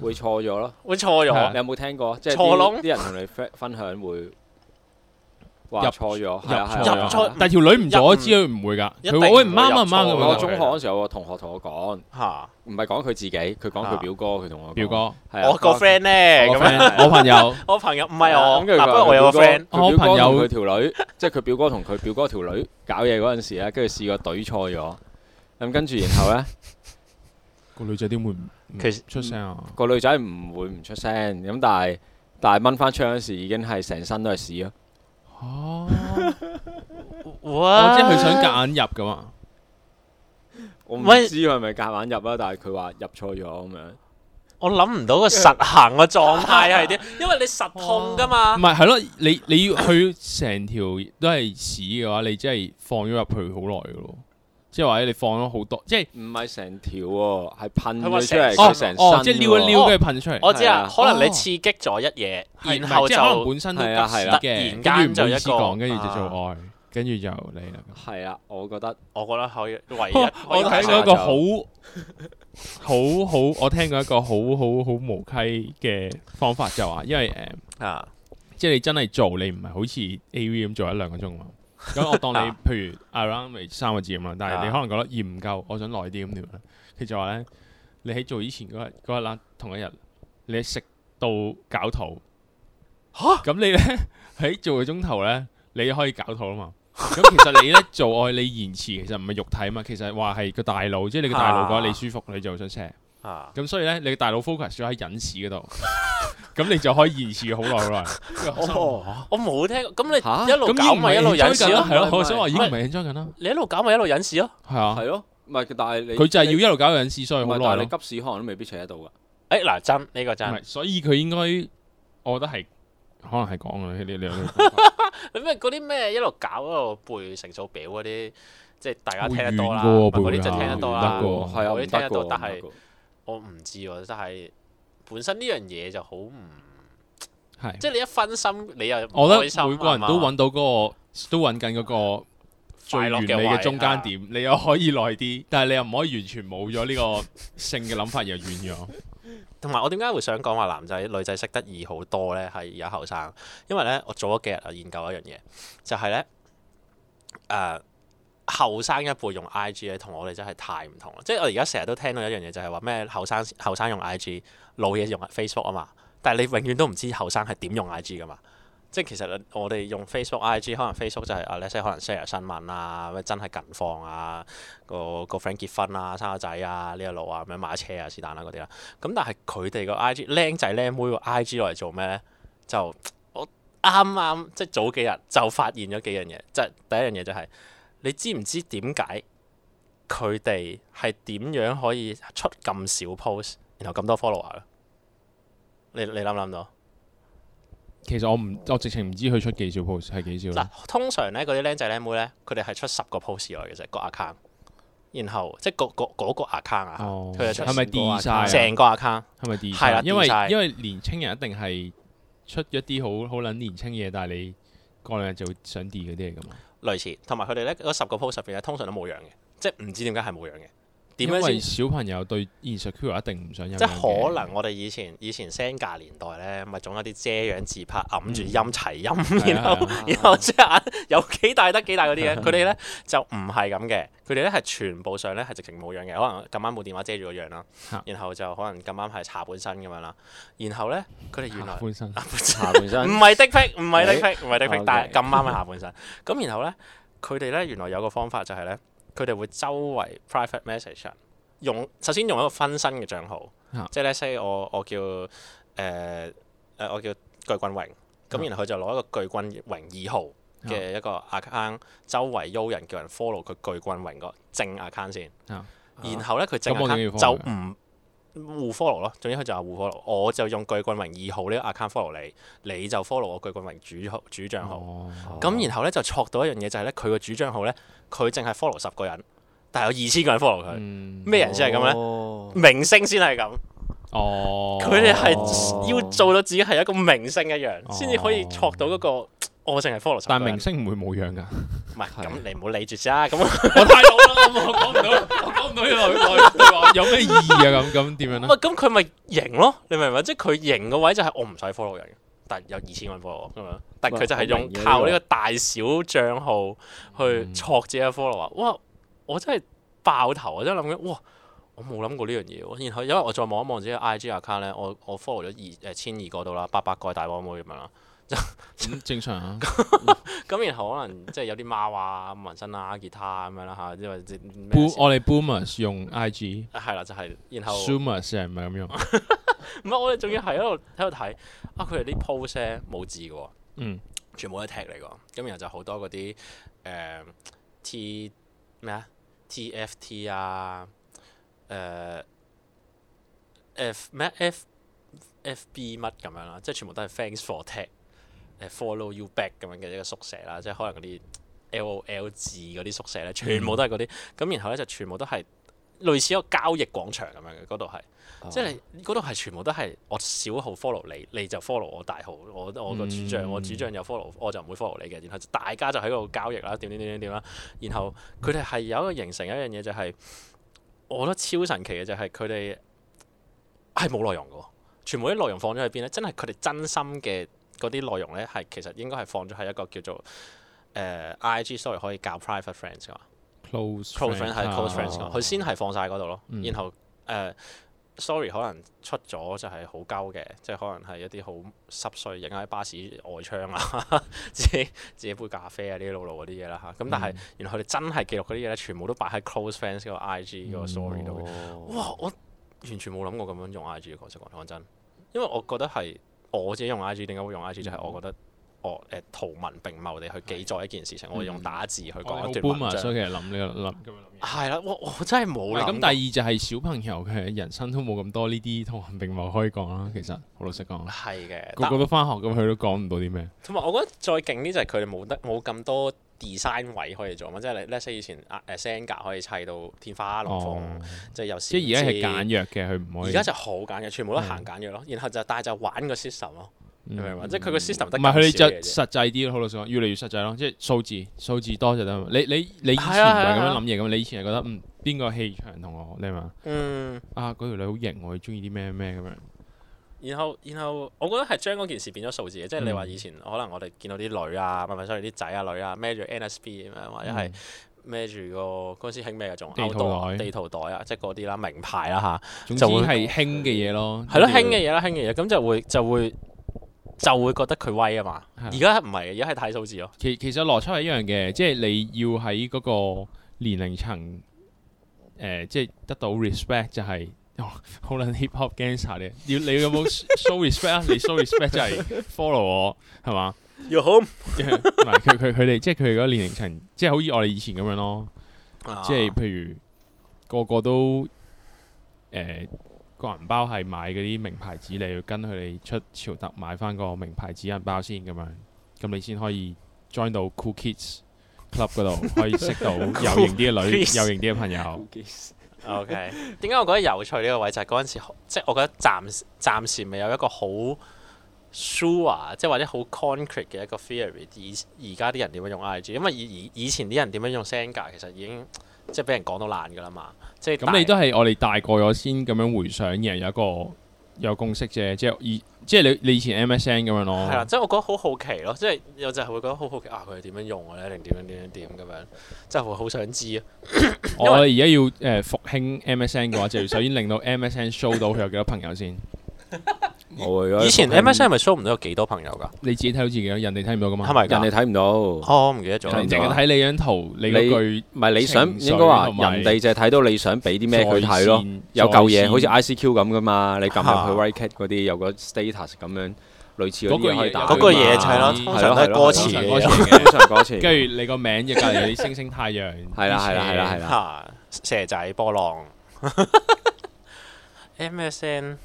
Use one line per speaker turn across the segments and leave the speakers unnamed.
會錯咗咯，會錯咗。你有冇聽過？錯咯，啲人同你分享會入錯咗，入錯，但係條女唔錯，知佢唔會噶。佢話喂唔啱唔啱。我中學嗰時有個同學同我講，吓，唔係講佢自己，佢講佢表哥，佢同我表哥，我個 friend 咧，我朋友，我朋友唔係我，不過我有個 friend，我朋友佢條女，即係佢表哥同佢表哥條女搞嘢嗰陣時咧，跟住試過懟錯咗，咁跟住然後咧，個女仔點會？其實出聲啊，個女仔唔會唔出聲，咁但係但係掹翻槍嗰時已經係成身都係屎啊！我知佢想夾硬入噶嘛，喂我唔知係咪夾硬入啊，但係佢話入錯咗咁樣。喂我諗唔到個實行嘅狀態係點， 因為你實痛噶嘛。唔係係咯，你你要佢成條都係屎嘅話，你即係放咗入去好耐咯。即係話咧，你放咗好多，即係唔係成條喎，係噴出嚟，即係撩一撩跟住噴出嚟。我知啊，可能你刺激咗一嘢，然後就可能本身都唔得嘅，突然間就一講，跟住就做愛，跟住就你啦。係啊，我覺得，我覺得可以。唯一我睇過一個好好好，我聽過一個好好好無稽嘅方法就話，因為誒啊，即係你真係做，你唔係好似 AV 咁做一兩個鐘啊。咁 我當你譬如 around 咪 三個字咁啦，但係你可能覺得嫌唔夠，我想耐啲咁點啊？佢就話咧，你喺做以前嗰日嗰日啦，同一日你食到搞肚，吓咁蛤你咧喺做嘅中途咧，你可以搞肚啊嘛。咁 其實你咧做愛，你延遲其實唔係肉體啊嘛，其實話係個大腦， 即係你個大腦覺得你舒服，你就想射。咁所以咧，你大腦 focus 住喺隱士嗰度，咁你就可以延遲好耐好耐。我我冇聽，咁你一路搞咪一路隱士咯，我想話已經唔係緊張緊啦。你一路搞咪一路隱士咯。係啊。係咯，唔係但係佢就係要一路搞個隱士，所以好耐。你急事可能都未必扯得到噶。誒嗱，真呢個真。所以佢應該，我覺得係可能係講啊呢啲。你咩嗰啲咩一路搞嗰背成乘數表嗰啲，即係大家聽得多啦。嗰啲就聽得多啦，係啊，啲聽得多，但係。.我唔知喎，真係本身呢樣嘢就好唔是即係你一分心，你又我覺得每個人都揾到嗰、那個，嗯、都揾緊嗰個最完美嘅中間點，啊、你又可以耐啲，但係你又唔可以完全冇咗呢個性嘅諗法又遠咗，同埋 我點解會想講話男仔女仔識得易好多呢？係而家後生，因為呢，我早咗幾日啊，研究一樣嘢，就係、是、呢。啊、呃。後生一輩用 I G 咧，同我哋真係太唔同啦。即係我而家成日都聽到一樣嘢，就係話咩後生後生用 I G，老嘢用 Facebook 啊嘛。但係你永遠都唔知後生係點用 I G 㗎嘛。即係其實我哋用 Facebook I G，可能 Facebook 就係啊，你即係可能 share 新聞啊，咩真係近況啊，個個 friend 結婚啊，生個仔啊，呢一路啊，咩買車啊，是但啦嗰啲啦。咁但係佢哋個 I G 靚仔靚妹個 I G 嚟做咩咧？就我啱啱即係早幾日就發現咗幾樣嘢，就第一樣嘢就係。你知唔知點解佢哋係點樣可以出咁少 post，然後咁多 follower？你你諗唔諗到？其實我唔，我直情唔知佢出幾少 post，係幾少？嗱，通常咧嗰啲僆仔僆妹咧，佢哋係出十個 post 來嘅啫，個 account。然後即係嗰嗰個 account 啊，佢係咪跌曬成個 account 係咪跌？係啦，因為因為年青人一定係出一啲好好撚年青嘢，但係你過兩日就會想跌嗰啲嚟㗎嘛。類似，同埋佢哋咧嗰十個 post 入邊咧，通常都冇樣嘅，即係唔知點解係冇樣嘅。因為小朋友對現實 photo 一定唔想，即係可能我哋以前以前 send 年代咧，咪總有啲遮樣自拍，揞住陰齊陰，然後然後遮眼有幾大得幾大嗰啲嘅，佢哋咧就唔係咁嘅，佢哋咧係全部上咧係直情冇樣嘅，可能咁啱冇電話遮住個樣啦，然後就可能咁啱係下半身咁樣啦，然後咧佢哋原來下半身，唔係的 pics，唔係唔係但係咁啱係下半身，咁然後咧佢哋咧原來有個方法就係咧。佢哋會周圍 private message 用，首先用一個分身嘅帳號，啊、即係咧 say 我我叫誒誒、呃、我叫巨君榮，咁、啊、然後佢就攞一個巨君榮二號嘅一個 account、啊、周圍邀人叫人 follow 佢巨君榮個正 account 先，啊啊、然後咧佢即刻就唔不。啊互 follow 咯，總之佢就話互 follow，我就用巨冠榮二號呢個 account follow 你，你就 follow 我巨冠榮主主帳號。咁、哦哦、然後咧就錯到一樣嘢就係咧，佢個主帳號咧，佢淨係 follow 十個人，但係有二千個人 follow 佢。咩人先係咁咧？明星先係咁。哦，佢哋係要做到自己係一個明星一樣，先至、哦、可以錯到嗰、嗰個。哦我淨係 follow，但係明星唔會冇樣噶，唔係咁你唔好理住咋。咁 我太老啦，我講唔到，我講唔到。有咩意義啊？咁咁點樣咧？唔係咁佢咪型咯？你明唔明？即係佢型嘅位就係我唔使 follow 人，但有二千蚊 follow 咁樣，但佢就係用靠呢個大小帳號去撮自己 follow 啊！哇！我真係爆頭，我真係諗緊哇，我冇諗過呢樣嘢，然後因為我再望一望自己 IG account 咧，我我 follow 咗二誒千二個到啦，八百個大波妹咁樣啦。咁、 嗯、正常啊！咁 然後可能即係有啲貓啊、紋 身啊、吉他啊咁樣啦嚇，即為 b 我哋 boomers 用 IG 係啦，就係然後 Zoomers 係唔係咁用？唔係我哋仲要係喺度喺度睇啊！佢哋啲 post 咧冇字嘅喎，嗯、全部都係 tag 嚟嘅。咁然後就好多嗰啲誒 T 咩啊 TFT 啊誒 F 咩 FFB 乜咁樣啦，即係、就是、全部都係 f a n s for text。follow you back 咁樣嘅一個宿舍啦，即係可能嗰啲 LOL 字嗰啲宿舍咧，全部都係嗰啲咁，嗯、然後咧就全部都係類似一個交易廣場咁樣嘅，嗰度係，哦、即係嗰度係全部都係我小號 follow 你，你就 follow 我大號，我我個主帳，我主帳又 follow，我就唔會 follow 你嘅，嗯、然後大家就喺嗰度交易啦，點點點點點啦，然後佢哋係有一個形成一樣嘢就係、是，我覺得超神奇嘅就係佢哋係冇內容嘅喎，全部啲內容放咗喺邊咧，真係佢哋真心嘅。嗰啲內容呢，係其實應該係放咗喺一個叫做誒、呃、IG story 可以教 private friends 嘅 close friend 係 close friend 嘅、啊，佢先係放曬嗰度咯。嗯、然後、呃、story 可能出咗就係好鳩嘅，即、就、係、是、可能係一啲好濕碎影喺巴士外窗啊， 自己自己杯咖啡啊呢啲露露嗰啲嘢啦嚇。咁、啊嗯嗯、但係原來佢哋真係記錄嗰啲嘢呢，全部都擺喺 close friends 嗰個 IG 嗰個 story 度。哦、哇！我完全冇諗過咁樣用 IG 嘅方式講真，因為我覺得係。我自己用 IG，點解會用 IG？就係我覺得，我誒、呃、圖文並茂地去記載一件事情，的我用打字去講一段文章、哦、所以其實諗呢個諗係啦，我我真係冇諗。咁第二就係小朋友嘅人生都冇咁多呢啲圖文並茂可以講啦。其實好老實講，係嘅的，個個都返學咁，佢我都講唔到啲咩。同埋我覺得再勁啲就係佢哋冇得冇咁多。design 位可以做嘛？即係你 Leslie 以前啊誒聲格可以砌到天花龍鳳，哦、有即係由。即係而家係簡約嘅，佢唔可以。而家就好簡約，全部都行簡約咯。嗯、然後就但係就玩個 system 咯、嗯，明即係佢個 system 得。唔係佢就實際啲咯，好老實講，越嚟越實際咯。即係數字數字,數字多就得。你你你以前唔係咁樣諗嘢噶嘛？你以前係、啊啊、覺得嗯邊個氣場同我你嘛？嗯、啊嗰條女好型，我中意啲咩咩咁樣。然後，然後我覺得係將嗰件事變咗數字嘅，即係你話以前可能我哋見到啲女啊，問問出嚟啲仔啊、女啊、嗯，孭住 NSP 咁樣，或者係孭住個嗰陣時興咩啊，仲歐袋、地圖袋啊，即係嗰啲啦、名牌啦、啊、嚇，總之係興嘅嘢咯。係咯，興嘅嘢啦，興嘅嘢，咁就會就會就會覺得佢威啊嘛。而家唔係，而家係睇數字咯。其其實邏輯係一樣嘅，即係你要喺嗰個年齡層，誒、呃呃，即係得到 respect 就係、是。好撚，hip hop gangster 要 你有冇 show respect 啊？你 show respect 就係 follow 我，係嘛？同埋佢佢佢哋，即係佢哋嗰年齡層，即係好似我哋以前咁樣咯。Uh. 即係譬如個個都誒，個、呃、銀包係買嗰啲名牌子，你要跟佢哋出潮特買翻個名牌紙銀包先咁樣，咁你先可以 join 到 cool kids club 嗰度，可以識到有型啲嘅女，有型啲嘅朋友。 O.K. 點解我覺得有趣呢個位就係嗰陣時，即係我覺得暫暫時未有一個好 sure，即係或者好 concrete 嘅一個 theory。而而家啲人點樣用 I.G.，因為以以前啲人點樣用 send 㗎其實已經即係俾人講到爛噶啦嘛。即係咁，你都係我哋大個咗先咁樣回想，而係有一個。有共識啫，即係以，即係你你以前 MSN 咁樣咯。係啦，即係我覺得好好奇咯，即係我就會覺得好好奇啊，佢係點樣用嘅咧，定點樣點樣點咁樣，即係好想知啊。我而家要誒、呃、復興 MSN 嘅話，就首先令到 MSN show 到佢有幾多朋友先。 以前 MSN 係咪 show 唔到有幾多朋友噶？你自己睇到自己，人哋睇唔到噶嘛？人哋睇唔到。我唔記得咗。淨係睇你張圖，你句唔係你想應該話人哋就係睇到你想俾啲咩佢睇咯？有舊嘢好似 ICQ 咁噶嘛？你撳入去 WeChat 嗰啲有個 status 咁樣類似嗰個嘢，就係咯，係咯，通常歌詞，通常歌詞。跟住你個名亦隔住星星、太陽。係啦，係啦，係啦，係啦。蛇仔波浪 MSN。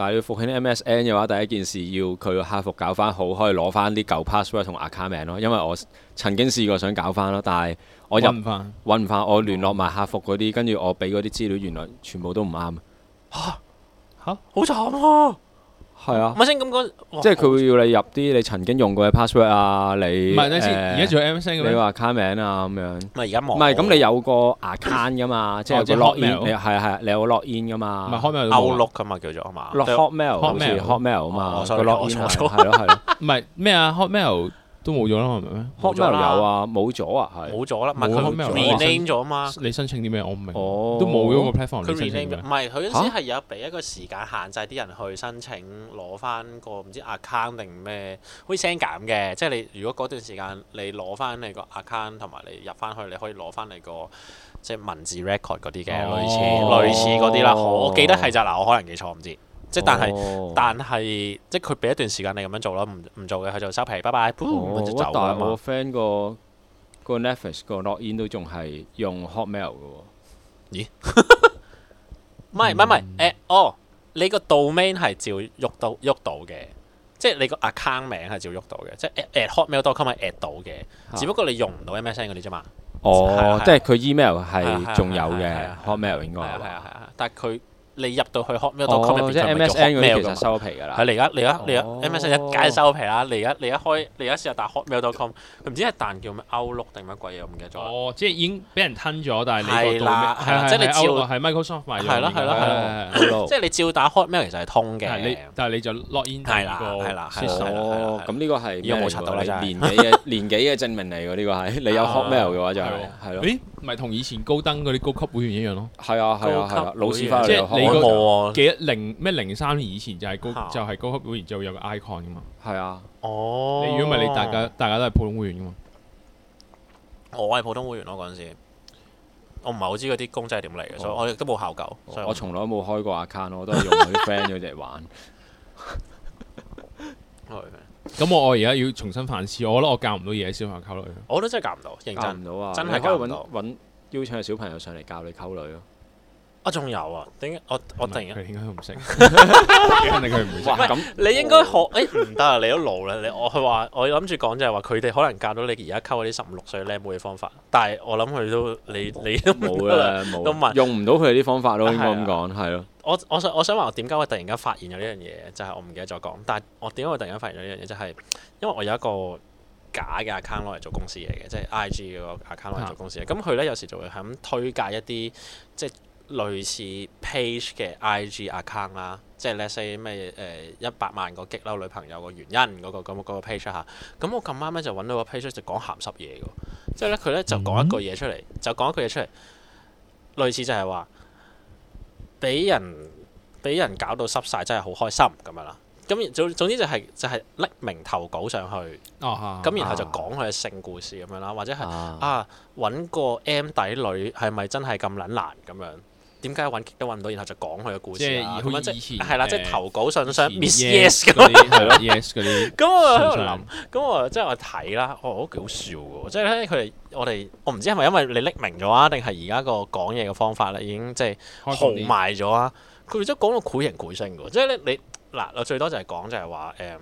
但係要復興 MSN 嘅話，第一件事要佢個客服搞翻好，可以攞翻啲舊 password 同 account 名咯。因為我曾經試過想搞翻咯，但係我入揾唔翻，揾唔翻，我聯絡埋客服嗰啲，跟住我俾嗰啲資料，原來全部都唔啱嚇嚇，好慘啊！哈係啊咁即係佢會要你入啲你曾經用過嘅 password 啊你唔係陣時而家仲有 m 你話 account 名啊咁樣唔係而家冇唔係咁你有個 account 噶嘛即係有個 login 係啊係啊你有個 login 噶嘛唔係 Outlook 噶嘛叫做啊嘛 hotmail hotmail 啊嘛係咯係咯唔係咩啊 hotmail 都冇咗啦，係咪咩？開咗又有啊，冇咗啊，係冇咗啦，唔係佢 rename 咗啊嘛。你申請啲咩？我唔明。都冇咗個 platform 嚟申請。唔係，佢陣時係有俾一個時間限制，啲人去申請攞翻個唔知 account 定咩，好似 sender 咁嘅。即係你如果嗰段時間你攞翻你個 account，同埋你入翻去，你可以攞翻你個即係文字 record 嗰啲嘅，類似類似嗰啲啦。我記得係咋嗱，我可能記錯唔知。即但係，但係即係佢俾一段時間你咁樣做咯，唔唔做嘅佢就收皮，拜拜，唔乜就走啊嘛。我覺得我 friend 個個 Netflix 個 login 都仲係用 Hotmail 嘅喎。咦？唔係唔係唔係，at 哦，你個 domain 係照喐到喐到嘅，即係你個 account 名係照喐到嘅，即係 at Hotmail.com 咪 at 到嘅。只不過你用唔到 MSN 嗰啲啫嘛。哦，即係佢 email 係仲有嘅，Hotmail 應該係。係啊係啊，但係佢。你入到去 hotmail.com 入邊，其實就收皮㗎啦。係你而家，你而家，你而家 MSN 一解收皮啦。你而家，你而家開，你而家試下打 hotmail.com，唔知係彈叫咩歐陸定乜鬼嘢，我唔記得咗。哦，即係已經俾人吞咗，但係你個都係，即係你照，係 Microsoft 賣咗。係咯係咯係。即係你照打 hotmail 其實係通嘅，但係你就 login 個係啦係啦哦。咁呢個係有我查到咧？年紀嘅年紀嘅證明嚟㗎？呢個係你有 hotmail 嘅話就係係咯。唔係同以前高登嗰啲高級會員一樣咯，係啊係啊係啊，老士翻嚟咯，即係你記得零咩零三年以前就係高就係高級會員就會有個 icon 噶嘛。係啊，哦，你如果唔係你大家大家都係普通會員噶嘛，我係普通會員咯嗰陣時。我唔係好知嗰啲公仔點嚟嘅，所以我亦都冇考究，我從來都冇開過 account，我都係用佢啲 friend 嗰隻玩。咁我而家要重新犯事，我覺得我教唔到嘢，小朋友溝女。我覺得真係教唔到，認真唔到啊！真係可以揾揾邀請嘅小朋友上嚟教你溝女咯。啊，仲有啊？點解我我突然間佢應該唔識，肯定佢唔識。唔咁，你應該學？誒唔得啊！你都老啦。你我佢話我諗住講就係話，佢哋可能教到你而家溝嗰啲十五六歲靚妹嘅方法，但係我諗佢都你你都冇啦，都用唔到佢哋啲方法咯。應該咁講係咯。我我想我想話，我點解會突然間發現有呢樣嘢？就係、是、我唔記得咗講。但係我點解會突然間發現有呢樣嘢？就係、是、因為我有一個假嘅 account 攞嚟做公司嘢嘅，即、就、係、是、IG 嘅 account 攞嚟做公司嘢。咁佢咧有時就會係咁推介一啲即係類似 page 嘅 IG account 啦，即係 let’s say 咩誒一百萬個激嬲女朋友嘅原因嗰、那個咁嗰 page 嚇。咁我咁啱咧就揾到個 page 就講鹹濕嘢㗎，即係咧佢咧就講一句嘢出嚟，就講、是、一句嘢出嚟、嗯，類似就係話。俾人俾人搞到濕晒真係好開心咁樣啦。咁總總之就係、是、就係、是、匿名投稿上去，咁、哦嗯、然後就講佢嘅性故事咁樣啦，或者係、哦、啊揾個 M 底女係咪真係咁捻難咁樣？點解揾都揾唔到，然後就講佢嘅故事啊？係啦、啊，即係投稿信箱前 miss yes 咁 yes, 樣，係咯 yes 嗰啲。咁我喺度諗，咁、嗯嗯、我即係、就是、我睇啦、哦就是，我覺得幾好笑喎。即係咧，佢哋我哋我唔知係咪因為你匿名咗啊，定係而家個講嘢嘅方法咧已經即係豪邁咗啊？佢哋都講到繪形繪聲嘅喎。即係咧你嗱，我最多就係講就係話誒。嗯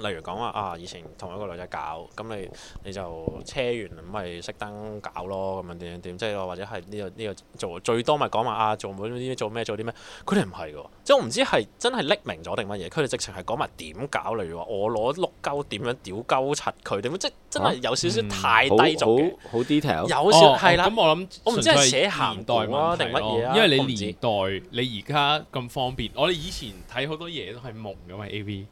例如講話啊，以前同一個女仔搞，咁、嗯、你你就車完咁咪熄燈搞咯，咁樣點樣點，即係或者係呢個呢個做最多咪講話啊做每啲做咩做啲咩。佢哋唔係嘅，即係我唔知係真係匿名咗定乜嘢。佢哋直情係講埋點搞，例如話我攞碌鳩點樣屌鳩柒佢哋，即真係有少少太低、啊嗯、好 detail 嘅，細細有少少係啦。咁我諗我唔知係寫年代啊定乜嘢啦。因為你年代你而家咁方便，嗯、我哋以前睇好多嘢都係蒙嘅嘛。AV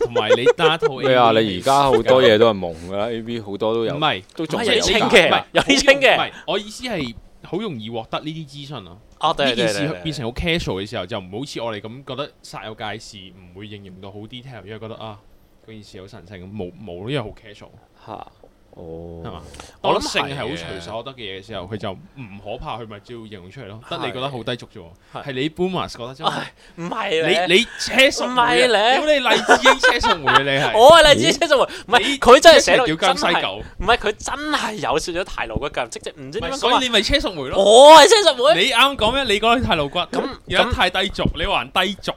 同埋你打套啊？你而家好多嘢都係蒙噶啦，AV 好多都有，唔係都仲有啲清嘅，有啲清嘅。唔係我意思係好容易獲得呢啲資訊啊！呢件事變成好 casual 嘅時候，就唔好似我哋咁覺得煞有介事，唔會認認到好 detail，因為覺得啊，個件事好神聖，冇冇因為好 casual。哦，係嘛？我諗性係好隨手可得嘅嘢嘅時候，佢就唔可怕，佢咪照形容出嚟咯。得你覺得好低俗啫，係你 Boomers 覺得真係。唔係你你車，唔係你，屌你黎智英車淑梅你係。我係黎智英車淑梅，唔係佢真係成條真係，唔係佢真係有少少太露骨，即係唔知點解。所以你咪車淑梅咯。我係車淑梅。你啱講咩？你講太露骨，咁又太低俗，你話低俗，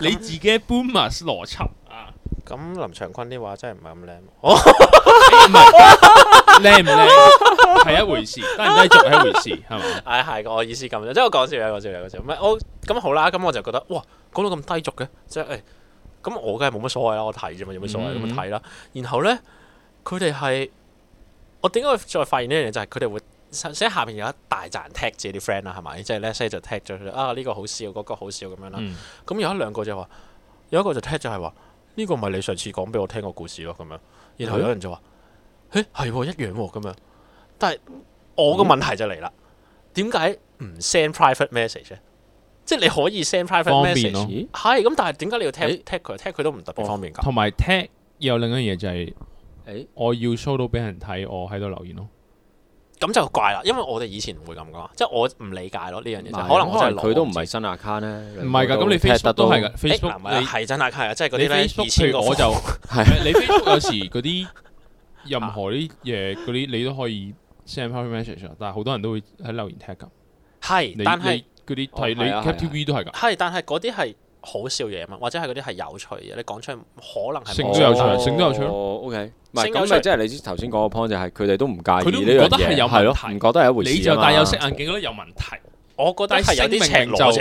你自己 Boomers 邏輯。咁林長坤啲話真係唔係咁靚，唔係靚唔靚係一回事，低唔 低俗係一回事，係咪？ 係係、哎、我意思咁啫，即係我講笑啦，講笑啦，講笑。唔係我咁好啦，咁我，我，我，我，我就覺得哇講到咁低俗嘅，即係咁、欸、我梗係冇乜所謂啦，我睇啫嘛，有咩所謂咁睇啦。然後咧佢哋係我點解會再發現呢樣嘢就係佢哋會寫下邊有一大扎人 tag 自己啲 friend 啦，係咪？即係咧，say 就 tag、是、咗啊呢、這個好笑，嗰、那個好笑咁、那個、樣啦。咁、嗯、有一兩個就話，有一個就 tag 咗，係話。呢個唔係你上次講俾我聽個故事咯，咁樣，然後有人就話，誒係、欸欸、一樣咁樣，但係我個問題就嚟啦，點解唔 send private message 咧？即係你可以 send private message。咯、哦。係咁，但係點解你要 tag tag 佢？tag 佢都唔特別方便㗎。同埋 tag 有另一樣嘢就係，我要 show 到俾人睇我喺度留言咯。咁就怪啦，因為我哋以前唔會咁講，即係我唔理解咯呢樣嘢，就可能就係佢都唔係新 account 咧。唔係噶，咁你 Facebook 都係 o 誒，唔係，係真係，係啊，即係嗰啲二千個粉。係你 Facebook 有時嗰啲任何啲嘢嗰啲，你都可以 send private message，但係好多人都會喺留言帖咁。係，但係嗰啲係你 KTV 都係噶。係，但係嗰啲係。好笑嘢啊嘛，或者係嗰啲係有趣嘅，你講出嚟可能係。性都有趣，性都有趣咯。OK，唔係咁咪即係你頭先講個 point 就係佢哋都唔介意呢樣嘢，係咯，唔覺得係一回事。你就戴有色眼鏡都有問題，嗯、我覺得係有啲扯，明明就裸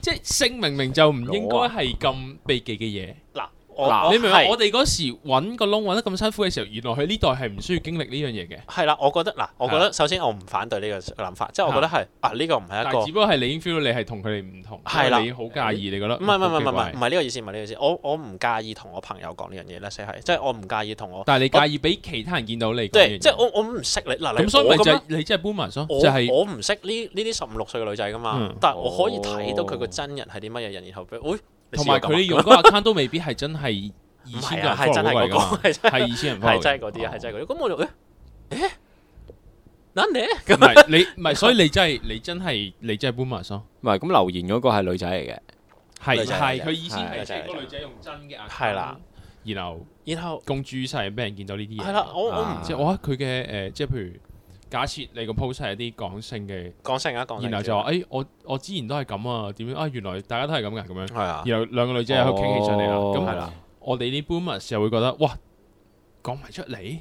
即係性明明就唔應該係咁避忌嘅嘢。嗱。嗱，你明唔明？我哋嗰時揾個窿揾得咁辛苦嘅時候，原來佢呢代係唔需要經歷呢樣嘢嘅。係啦，我覺得嗱，我覺得首先我唔反對呢個諗法，即係我覺得係啊，呢個唔係一個。但只不過係你已經 feel 到你係同佢哋唔同，你好介意你覺得。唔係唔係唔係唔係唔係呢個意思，唔係呢個意思。我我唔介意同我朋友講呢樣嘢咧，即係即係我唔介意同我。但係你介意俾其他人見到你？即係我我唔識你嗱，你我咁，你即係 Boomers 就係我唔識呢呢啲十五六歲嘅女仔噶嘛，但係我可以睇到佢個真人係啲乜嘢人，然後俾。同埋佢用嗰個 account 都未必係真係二千人，係真係嗰個，係二千人，係真係嗰啲，係真係嗰啲。咁我誒誒，嗱你咁咪你咪，所以你真係你真係你真係 boomers 咯。唔係咁留言嗰個係女仔嚟嘅，係係佢意思係即係個女仔用真嘅 account，係啦，然後然後公主晒俾人見到呢啲嘢，係啦。我我唔知，我覺得佢嘅誒，即係譬如。假設你個 post 係一啲講性嘅，講性啊，講性，然後就話誒、哎，我我之前都係咁啊，點樣啊？原來大家都係咁嘅，咁樣，係啊。然後兩個女仔喺度傾起上嚟啦，咁係啦。我哋啲 boomers 又會覺得，哇，講埋出嚟，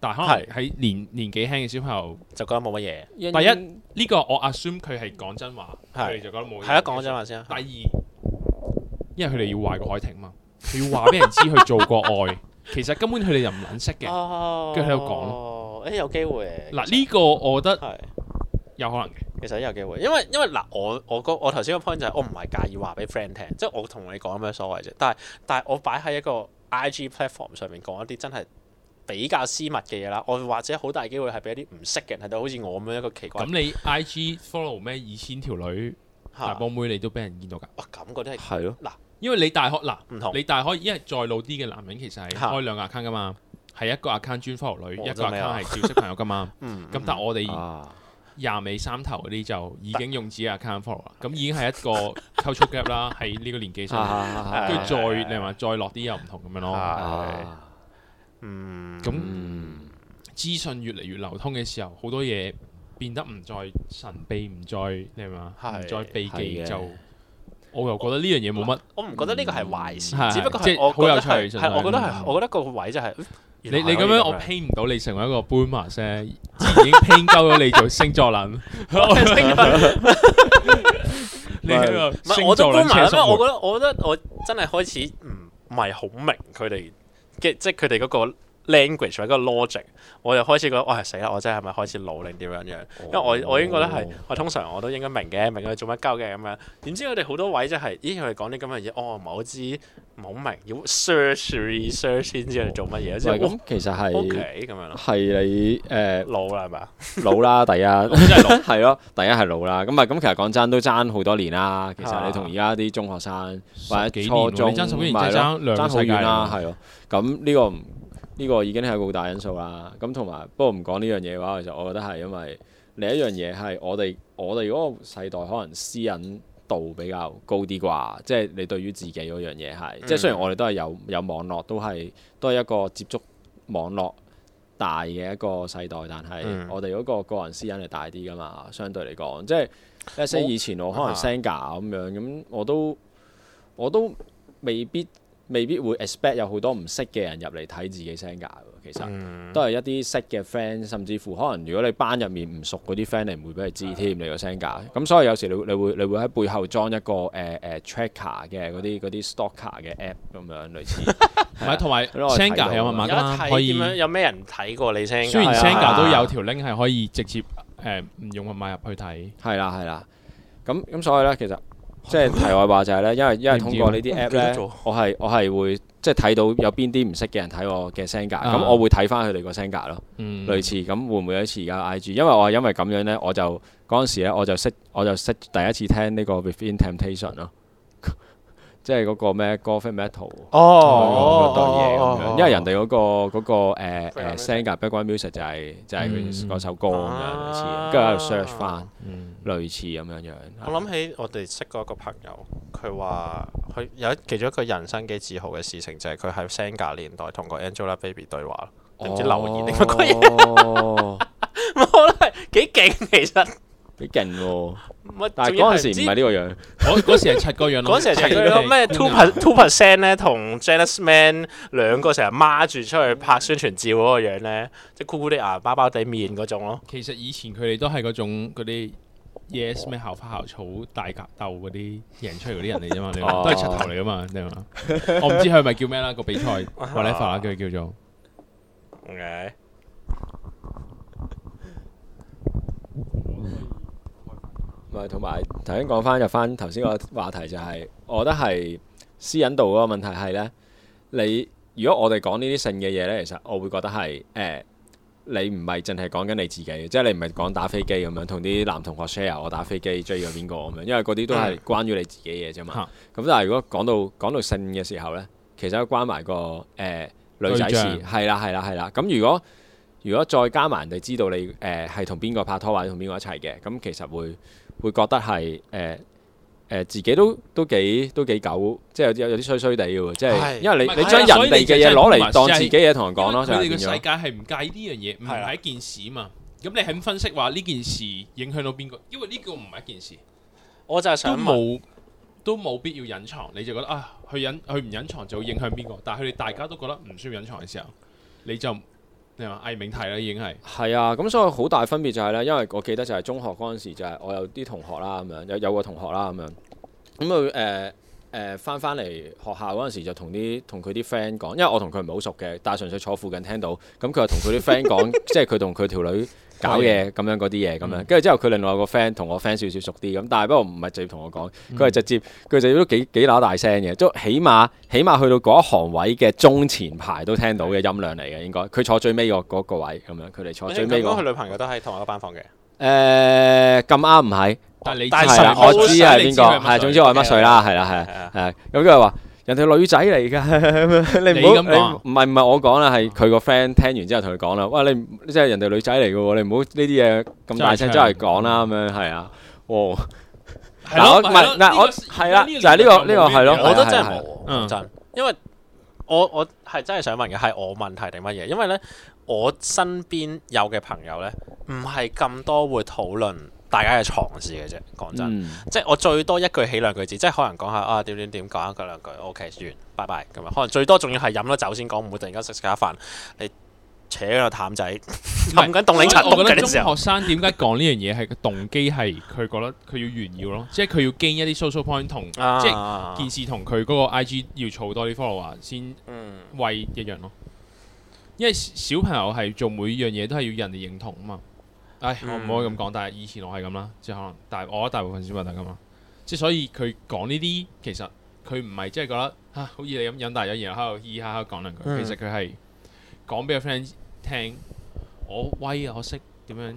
但係喺年是年紀輕嘅小朋友就覺得冇乜嘢。第一，呢、這個我 assume 佢係講真話，佢哋是就覺得冇嘢。係啊，講真話先。第二，因為佢哋要壞個海婷嘛，要話俾人知去做過愛， 其實根本佢哋又唔肯識嘅，跟住喺度講。誒，有機會嗱，呢個我覺得係有可能嘅，是其實有機會，因為因為嗱、呃、我我個我頭先個 point 就係、是、我唔係介意話俾 friend 聽，即係我同你講咩所謂啫。但係但係我擺喺一個 IG platform 上面講一啲真係比較私密嘅嘢啦。我或者好大機會係俾一啲唔識嘅人睇到，好似我咁樣一個奇怪。咁你 IG follow 咩二千條女大波妹，你都俾人見到㗎？啊、哇！咁嗰啲係係咯。嗱、啊，因為你大學，嗱唔同你大學，因為再老啲嘅男人其實係開兩 account 㗎嘛。啊啊係一個 account 專 follow 女，一個 account 係熟識朋友噶嘛。咁但係我哋廿尾三頭嗰啲就已經用自己 account follow 啦。咁已經係一個 culture gap 啦。喺呢個年紀上，跟住再你話再落啲又唔同咁樣咯。嗯，咁資訊越嚟越流通嘅時候，好多嘢變得唔再神秘，唔再你話唔再避忌，就我又覺得呢樣嘢冇乜。我唔覺得呢個係壞事，只不過係好有趣。係我覺得係，我覺得個位就係。你你，咁樣我偏唔到你成為一個 boomer 聲， 已經偏鳩咗你做星座撚，我係星座撚。唔係，我做唔係，因為我覺得，我覺得我覺得我真係開始唔係好明佢哋嘅，即係佢哋嗰個。language 或者嗰個 logic，我就開始覺得，哇！死啦，我真係咪開始老定點樣樣？因為我我已經覺得係，我通常我都應該明嘅，明佢做乜鳩嘅咁樣。點知我哋好多位真係，咦，佢哋講啲咁嘅嘢，我唔係好知，唔好明，要 search research 先知佢哋做乜嘢。即係咁，其實係 OK 咁樣咯，係你誒老啦，係咪啊？老啦，第一係咯，第一係老啦。咁啊，咁其實講真都爭好多年啦。其實你同而家啲中學生或者初中，爭好遠啦，係咯。咁呢個唔～呢個已經係一個好大因素啦，咁同埋不過唔講呢樣嘢嘅話，其實我覺得係因為另一樣嘢係我哋我哋嗰個世代可能私隱度比較高啲啩，即係你對於自己嗰樣嘢係，嗯、即係雖然我哋都係有有網絡，都係都係一個接觸網絡大嘅一個世代，但係我哋嗰個個人私隱係大啲噶嘛，相對嚟講，即係例如以前我可能 send 咁樣，咁我，我都我都未必。未必會 expect 有好多唔識嘅人入嚟睇自己聲價㗎喎，其實都係一啲識嘅 friend，甚至乎可能如果你班入面唔熟嗰啲 friend，你唔會俾佢知添、嗯、了你個聲價。咁所以有時你會你會你會喺背後裝一個誒誒、呃、tracker 嘅嗰啲啲 stalker 嘅、er、app 咁樣，類似，同埋聲價有密碼啦，可以有咩人睇過你聲價？雖然聲價都有條 link 係可以直接誒唔、呃、用密碼入去睇，係啦係啦。咁咁、啊啊啊啊、所以咧，其實。即係題外話就係咧，因為因為通過呢啲 app 咧， 我係我係會 即係睇到有邊啲唔識嘅人睇我嘅聲格，咁、啊、我會睇翻佢哋個聲格咯，類似咁會唔會好似而家 I G？因為我係因為咁樣咧，我就嗰陣時咧我就識我就識第一次聽呢、呢個 Within Temptation 咯。即係嗰個咩？Golf Metal 哦，嗰對嘢咁樣，因為人哋嗰個嗰個誒誒 Xanga Background Music 就係就係嗰首歌咁樣類似，跟住喺度 search 翻類似咁樣樣。我諗起我哋識過一個朋友，佢話佢有一其中一個人生幾自豪嘅事情，就係佢喺 Xanga 年代同個 Angelababy 對話，唔知留言定乜鬼嘢？冇啦，幾勁其實。幾勁喎！但係嗰陣時唔係呢個樣，我嗰、啊、時係七個樣。嗰時係七個咩？Two per two percent 咧，同 Janusman 兩個成日孖住出去拍宣傳照嗰個樣咧，即係箍箍啲牙、包包底面嗰種咯。其實以前佢哋都係嗰種嗰啲 yes 咩校花校草大格鬥嗰啲贏出嚟嗰啲人嚟啫嘛，你都係出頭嚟啊嘛。你 我唔知佢係咪叫咩啦？個比賽我咧發佢叫做，OK。 同埋頭先講翻入翻頭先個話題、就係，就係我覺得係私隱度嗰個問題係呢。你如果我哋講呢啲性嘅嘢呢，其實我會覺得係誒、呃，你唔係淨係講緊你自己，即係你唔係講打飛機咁樣，同啲男同學 share 我打飛機追咗邊個咁樣，因為嗰啲都係關於你自己嘢啫嘛。咁的但係如果講到講到性嘅時候呢，其實都關埋、嗰個、呃、女仔事，係啦係啦係啦。咁如果如果再加埋人哋知道你誒係同邊個拍拖或者同邊個一齊嘅，咁其實會會覺得係誒誒自己都都幾都幾狗，即係有有有啲衰衰地喎，即係因為你的你將人哋嘅嘢攞嚟當自己嘢同人講咯，就咁樣。世界係唔介意呢樣嘢，唔係一件事嘛。咁你肯分析話呢件事影響到邊個？因為呢個唔係一件事。我就係想冇都冇必要隱藏，你就覺得啊，佢隱佢唔隱藏就會影響邊個？但係佢哋大家都覺得唔需要隱藏嘅時候，你就。你話藝名題啦，已經係係啊，咁所以好大分別就係咧，因為我記得就係中學嗰陣時就係我有啲同學啦咁樣，有有個同學啦咁樣，咁佢誒。呃誒翻翻嚟學校嗰陣時就，就同啲同佢啲 friend 講，因為我同佢唔係好熟嘅，但係純粹坐附近聽到，咁佢又同佢啲 friend 講， 即係佢同佢條女搞嘢咁樣嗰啲嘢咁樣，跟住之後佢另外個 friend 同我 friend 少少熟啲咁，但係不過唔係直接同我講，佢係直接佢就都幾幾喇大聲嘅，都起碼起碼去到嗰一行位嘅中前排都聽到嘅音量嚟嘅，應該佢坐最尾個個位咁樣，佢哋坐最尾個。佢女朋友都係同一個班房嘅。誒、呃，咁啱唔係？但係我知啊，係邊個？總之我係乜水啦，係啦，係啊，係啊。咁佢話人哋女仔嚟噶，你唔好你唔係唔係我講啦，係佢個 friend 聽完之後同佢講啦。哇，你即係人哋女仔嚟噶，你唔好呢啲嘢咁大聲周圍講啦，咁樣係啊。哇，嗱我唔係嗱我係啦，就係呢個呢個係咯。我覺得真係冇，真。因為我我係真係想問嘅係我問題定乜嘢？因為咧我身邊有嘅朋友咧唔係咁多會討論。大家嘅牀事嘅啫，講真，嗯、即係我最多一句起兩句字，即係可能講下啊點點點講一講兩句，O、OK, K 完，拜拜咁啊。可能最多仲要係飲咗酒先講，唔會突然間食食下飯，你扯個淡仔，飲緊凍檸茶。是我覺得中學生點解講呢樣嘢係個動機係佢覺得佢要炫耀咯， 即係佢要 gain 一啲 social point 同、啊、即係件事同佢嗰個 IG 要儲多啲 follower 先威一樣咯。嗯、因為小朋友係做每樣嘢都係要人哋認同啊嘛。唉，我唔可以咁講，但係以前我係咁啦，即係可能大我覺得大部分小麥都係咁啦，嗯、即係所以佢講呢啲其實佢唔係即係覺得啊，好似你咁飲大酒，然後喺度嘻嘻哈哈講兩句，嗯、其實佢係講俾個 friend 聽，我威啊，我識點樣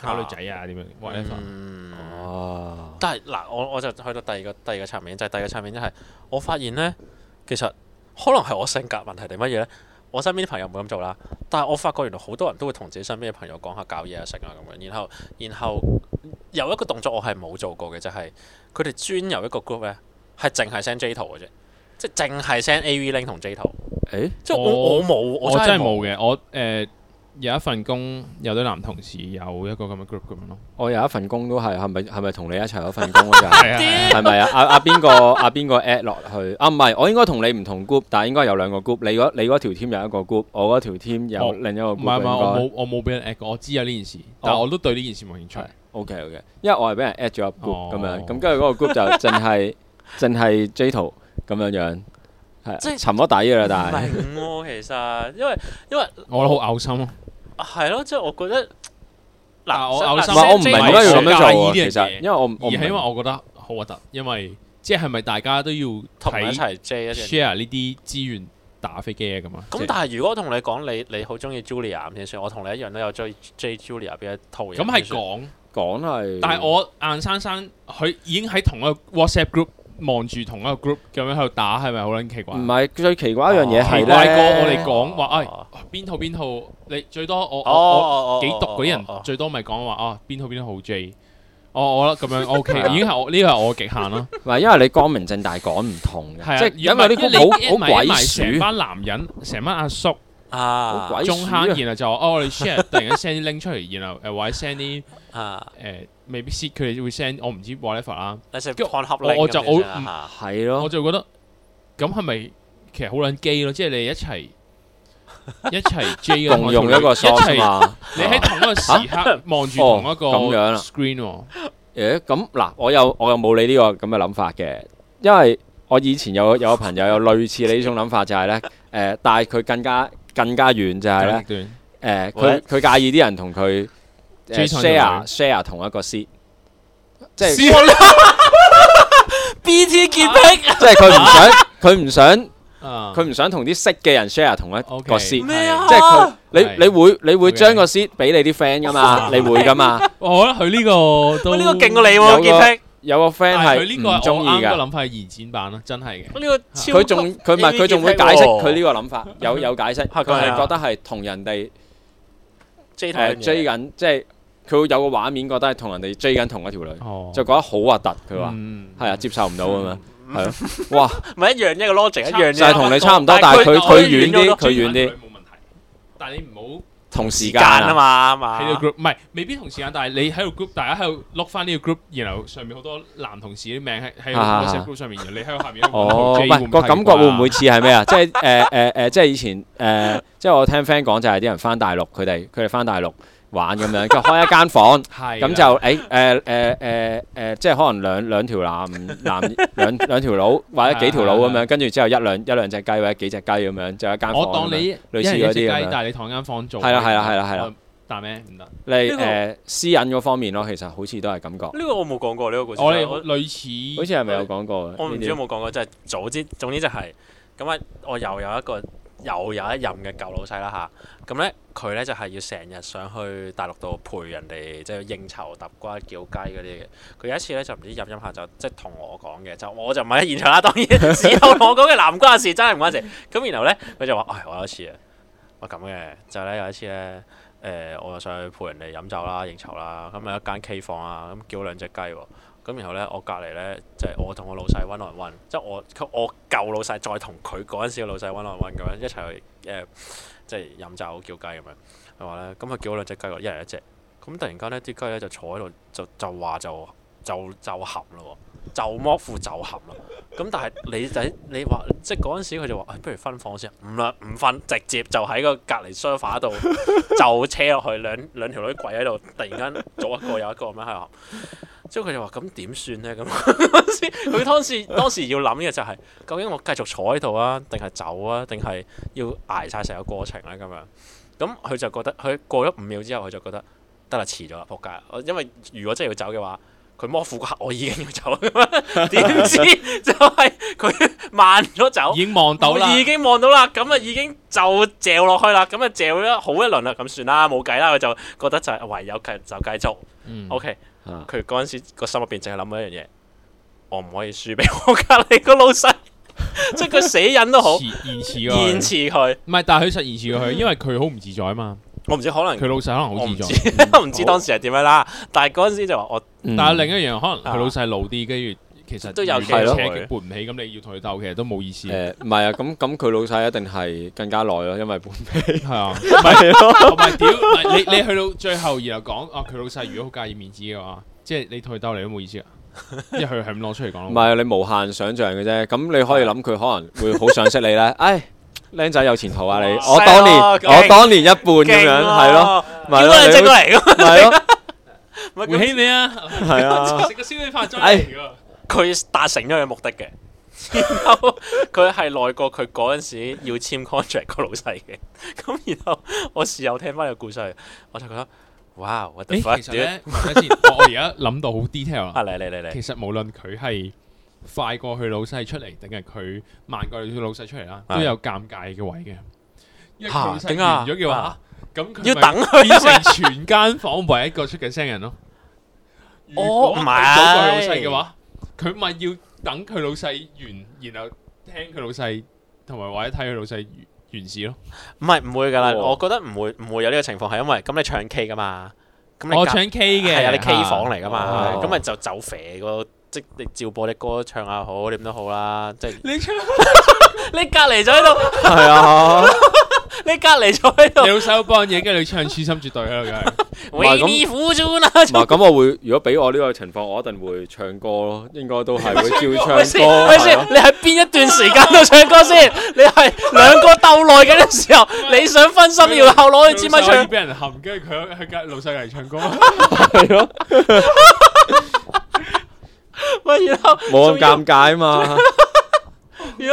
搞女仔啊，點樣，哇、嗯！哦、啊，但係嗱，我我就去到第二個第二個層面，就係、係、第二個層面、就係，即係我發現呢，其實可能係我性格問題定乜嘢呢？我身邊啲朋友冇咁做啦，但係我發覺原來好多人都會同自己身邊嘅朋友講下搞嘢啊、食啊咁樣，然後然後有一個動作我係冇做過嘅，就係佢哋專有一個 group 咧，係淨係 send J 圖嘅啫，即係淨係 send AV link 同 J 圖。誒，欸、即係我我冇，我，我真係冇嘅，我誒。呃有一份工，有啲男同事有一個咁嘅 group 咁樣咯。我有一份工都係，係咪係咪同你一齊嗰份工咧？係啊，係咪啊？阿阿邊個阿邊、啊、個 at 落去？啊，唔係，我應該同你唔同 group，但係應該有兩個 group 你。你嗰你嗰條 team 有一個 group，我嗰條 team 有另一個 group、oh, 該。唔，我冇，我俾人 at 我知啊呢件事，oh. 但係我都對呢件事冇興趣。OK OK，因為我係俾人 at 咗 group 咁、oh. 樣，咁跟住嗰個 group 就淨係淨係 J 圖咁樣樣，係即係沉咗底噶啦。但係唔係其實因為因為我諗好嘔心咯、啊。係咯，即係我覺得，嗱我我我唔係因為咁樣做啊，其實，因為我而係因為我覺得好核突，因為即係咪大家都要同埋一齊 share 呢啲資源打飛機啊咁啊？咁但係如果同你講你你好中意 Julia 咁先算，我同你一樣都有追追 Julia 邊一套嘢，咁係講講係，但係我硬生生，佢已經喺同一個 WhatsApp group。望住同一個 group 咁樣喺度打係咪好撚奇怪？唔係，最奇怪一樣嘢係，怪哥我哋講話，哎，邊套邊套，你最多我哦幾毒嗰啲人最多咪講話，哦邊套邊套好 J，哦我覺得咁樣 OK，已經係我呢個係我極限啦。唔係，因為你光明正大講唔同嘅，即係因為啲歌好好鬼鼠，成班男人，成班阿叔啊，中坑，然後就哦你 share，突然間 send 啲拎出嚟，然後又話 send 啲嚇誒。未必識佢哋會 send 我唔知 whatever 啦，跟住看合令咁樣啊，係咯，我就覺得咁係咪其實好撚機咯？即係你一齊一齊 j 共用一個 screen 嘛？你喺同一個時刻望住同一個 screen。誒，咁嗱，我又我又冇你呢個咁嘅諗法嘅，因為我以前有有個朋友有類似你呢種諗法就係咧，誒，但係佢更加更加遠就係咧，誒，佢佢介意啲人同佢。share share 同一個 C，即係 B T 潔癖，即係佢唔想佢唔想佢唔想同啲識嘅人 share 同一個 C，即係佢你你會你會將個 C 俾你啲 friend 噶嘛？你會噶嘛？我覺得佢呢個都呢個勁過你喎，潔癖。有個 friend 係唔中意噶諗法係延展版咯，真係嘅。呢個佢仲佢唔佢仲會解釋佢呢個諗法有有解釋，佢係覺得係同人哋誒追緊即係。佢會有個畫面覺得係同人哋追緊同一條女，就覺得好核突。佢話：係啊，接受唔到咁樣，係咯。哇，咪一樣啫，個 logic 一樣啫，就係同你差唔多，但係佢佢遠啲，佢遠啲。冇問題，但係你唔好同時間啊嘛嘛。喺個 group 唔係未必同時間，但係你喺個 group，大家喺度 look 翻呢個 group，然後上面好多男同事啲名喺喺 WhatsApp group 上面，你喺下面。哦，個感覺會唔會似係咩啊？即係誒誒誒，即係以前誒，即係我聽 friend 講就係啲人返大陸，佢哋佢哋返大陸。玩咁樣，就開一間房，咁就誒誒誒誒誒，即係可能兩兩條男男兩兩條佬，或者幾條佬咁樣，跟住之後一兩一兩隻雞或者幾隻雞咁樣，就一間房。我當你類似嗰啲但係你同一間房做。係啦係啦係啦係啦，但咩唔得？你誒私隱嗰方面咯，其實好似都係咁講。呢個我冇講過呢個故事。我係類似。好似係咪有講過？我唔知有冇講過，即係總之總之就係咁啊！我又有一個。又有一任嘅舊老細啦吓，咁、啊嗯、呢，佢呢就係、是、要成日上去大陸度陪人哋，即係應酬揼瓜叫雞嗰啲嘅。佢有一次呢，就唔知飲飲下酒，即係同我講嘅，就我就唔喺現場啦。當然只有我講嘅南瓜事，真係唔關事。咁、嗯、然後呢，佢就話：，唉、哎，我有一次啊，咁嘅，就呢有一次呢、呃，我就上去陪人哋飲酒啦，應酬啦，咁、嗯、有一間 K 房啊，咁叫兩隻雞喎。咁然後咧，我隔離咧就係、是、我同 on 我老細揾來揾，即係我佢我舊老細再同佢嗰陣時嘅老細揾來揾咁樣一齊誒、呃，即係飲酒叫雞咁樣。佢話咧，咁佢叫咗兩隻雞喎，我一人一隻。咁突然間呢啲雞咧就坐喺度，就就話就就就含咯，就摸褲就含啦。咁但係你仔你話，即係嗰陣時佢就話、哎，不如分房先，唔啦唔分，直接就喺個隔離 sofa 度就車落去，兩兩條女跪喺度，突然間左一個右一個咁樣喺度。之後佢就話：咁點算呢？咁 先樂。佢當時當時，當時要諗嘅就係，究竟我繼續坐喺度啊，定係走啊，定係要捱晒成個過程咧？咁樣。咁、嗯、佢就覺得，佢過咗五秒之後，佢就覺得，得啦，遲咗啦，仆街！因為如果真係要走嘅話，佢摸褲嗰刻，我已經要走。點知就係佢慢咗走。 已經望到啦。已經望到啦，咁啊 已，已經就嚼落去啦，咁啊嚼咗好一輪啦，咁算啦，冇計啦，佢就覺得就唯有繼就繼續。O K。佢嗰陣時個心入邊淨係諗一樣嘢，我唔可以輸俾我隔籬個老細。 即係佢死人都好，延遲啊，延遲佢，唔係，但係佢實延遲佢，因為佢好唔自在啊嘛。我唔知可能佢老細可能好自在，我唔知，我知、嗯、 知當時係點樣啦。但係嗰陣時就話我，嗯、但係另一樣可能佢老細老啲，跟住、嗯。啊其實都有係咯，伴唔起咁你要同佢鬥，其實都冇意思。誒，唔係啊，咁咁佢老細一定係更加耐咯，因為伴唔起。係啊，係咯，唔係屌，你你去到最後然後講啊，佢老細如果好介意面子嘅話，即係你同佢鬥嚟都冇意思啊。一係係咁攞出嚟講。唔係啊，你無限想像嘅啫。咁你可以諗佢可能會好想識你咧。哎，靚仔有前途啊你，我當年我當年一半咁樣係咯，咪咯，借過嚟咁係咯，咪咁希美啊，係啊，食個燒味飯再嚟喎。佢達成咗佢目的嘅，然後佢係耐過佢嗰陣時要簽 contract 個老細嘅，咁然後我事後聽返個故事，我就覺得哇！誒，其實咧，我我而家諗到好 detail 啊！嚟嚟嚟嚟，其實無論佢係快過去老細出嚟，定係佢慢過去老細出嚟啦，都有尷尬嘅位嘅。嚇！如果叫話咁，要等佢變成全間房唯一一個出嘅聲人咯。如
果早過老細嘅話。
佢咪要等佢老細完，然後聽佢老細同埋或者睇佢老細完，完事咯。唔係唔會噶啦，我覺得唔會唔會有呢個情況，係因為咁你唱 K 噶嘛。我、哦、唱 K 嘅，有啲、啊、K 房嚟噶嘛。咁咪、哦、就走肥個、哦，即係照播啲歌，唱下好點都好啦。即係你唱， 你隔離咗喺度。係 啊。你隔離坐喺度，有手幫嘢，跟住你唱痴心絕對喺度，梗係維爾福尊啦。唔係咁，我會如果俾我呢個情況，我一定會唱歌咯，應該都係會照唱歌。先，你喺邊一段時間度唱歌先？你係兩個鬥耐緊嘅時候，你想分心要後攞你支咪唱？俾人含，跟住佢喺隔老細嚟唱歌，係咯。咪然後冇咁尷尬嘛？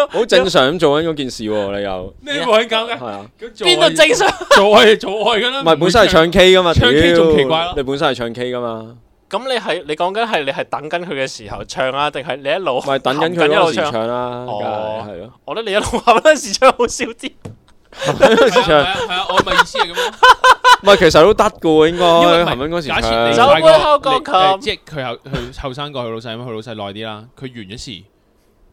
好正常咁做緊嗰件事，你又咩搞咁嘅？係啊，邊度正常做愛做愛噶啦？唔係本身係唱 K 噶嘛？唱 K 仲奇怪咯？你本身係唱 K 噶嘛？咁你係你講緊係你係等緊佢嘅時候唱啊？定係你一路唔係等緊佢一路時唱啦？哦，係咯，我覺得你一路含嗰陣時唱好笑啲。唱係啊，我咪意思係咁咯。唔係其實都得嘅應該。琴嗰時走嗰抽鋼琴，即係佢後佢後生過佢老細，咁佢老細耐啲啦。佢完咗時。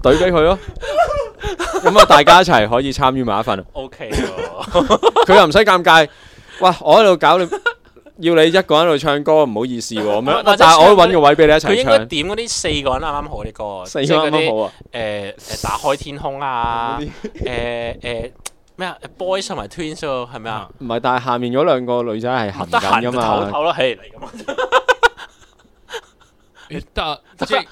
懟俾佢咯，咁啊大家一齊可以參與埋一份。OK，佢又唔使尷尬。哇，我喺度搞你，要你一個人喺度唱歌，唔好意思喎。咁樣，但係我都揾個位俾你一齊唱。佢應該點嗰啲四個人啱啱好啲歌，四個人啱啱好啊。誒誒，打開天空啊！誒誒，咩啊？Boys 同埋 Twins 喎，係咪啊？唔係，但係下面嗰兩個女仔係行緊㗎嘛。偷偷咯，係嚟噶嘛。得即係。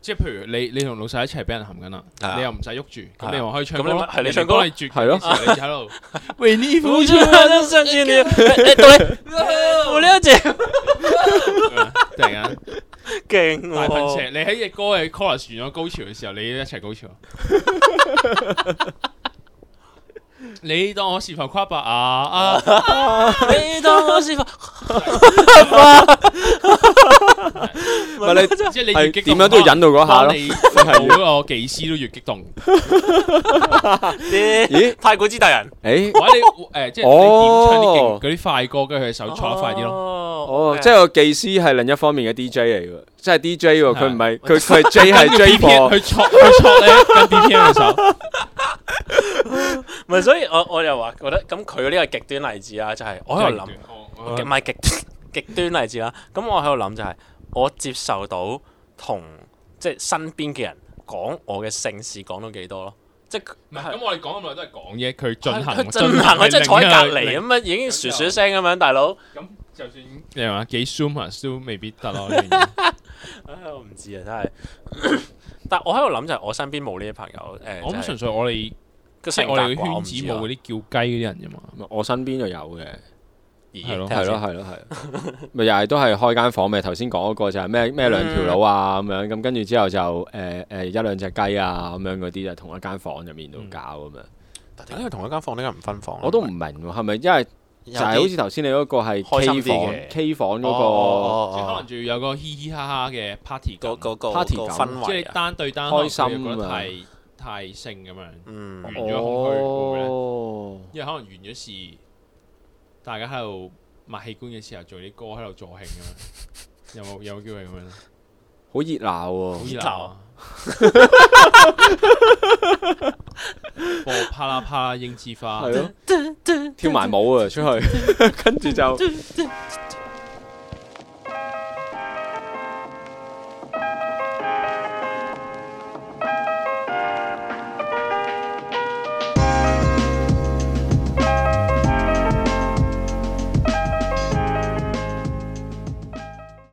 即係譬如你你同老細一齊俾人含緊啦，你又唔使喐住，咁你話可以唱歌。咁你唱歌，你絕技係咯，你喺度。你！突然間勁你喺隻歌嘅 call 完咗高潮嘅時候，你一齊高潮。你當我視頻誇白啊！你當我視頻，唔係你即係你越激動，點樣都要引到嗰下咯。係如果我技師都越激動，咦？太古之大人，誒，或者你誒，即係你點唱啲勁嗰啲快歌，跟住佢手搓得快啲咯。哦，即係個技師係另一方面嘅 DJ 嚟嘅。即係 DJ 喎，佢唔係佢佢係 J 係 JP，去挫去挫你跟 BP 嘅手。唔係，所以我我又話覺得咁佢呢個極端例子啊，就係我喺度諗，唔係極極端例子啦。咁我喺度諗就係我接受到同即係身邊嘅人講我嘅性事講到幾多咯，即係咁我哋講咁耐都係講嘢，佢進行進行佢即係坐喺隔離咁樣，已經嘘嘘聲咁樣，大佬。就算你話幾 super，super 未必得咯。
唉，我唔知啊，真
係。但係我喺度諗就係我身邊冇呢啲朋友。誒，我咁純粹我哋即係我哋圈子冇嗰啲叫雞嗰啲人啫嘛。我身邊就有嘅，係咯係咯係咯係。咪又係都係開間房咪？頭先講嗰個就係咩咩兩條佬啊咁樣。咁跟住之後就誒誒一兩隻雞啊咁樣嗰啲就同一間房入面度搞咁樣。點解同一間房點解唔分房？我都唔明喎，係咪因為？就係好似頭先你嗰個係 K 房 K 房嗰個，即可能仲要有個嘻嘻哈哈嘅 party 嗰嗰個氛圍，即係單對單可能又覺得太太性咁樣，完咗好虛，因為可能完咗事，大家喺度抹器官嘅時候，做啲歌喺度助興咁樣，有冇有冇機會咁樣咧？好熱鬧喎！我啪啦啪啦櫻之花，係 咯， 跳埋舞啊，出去跟住就。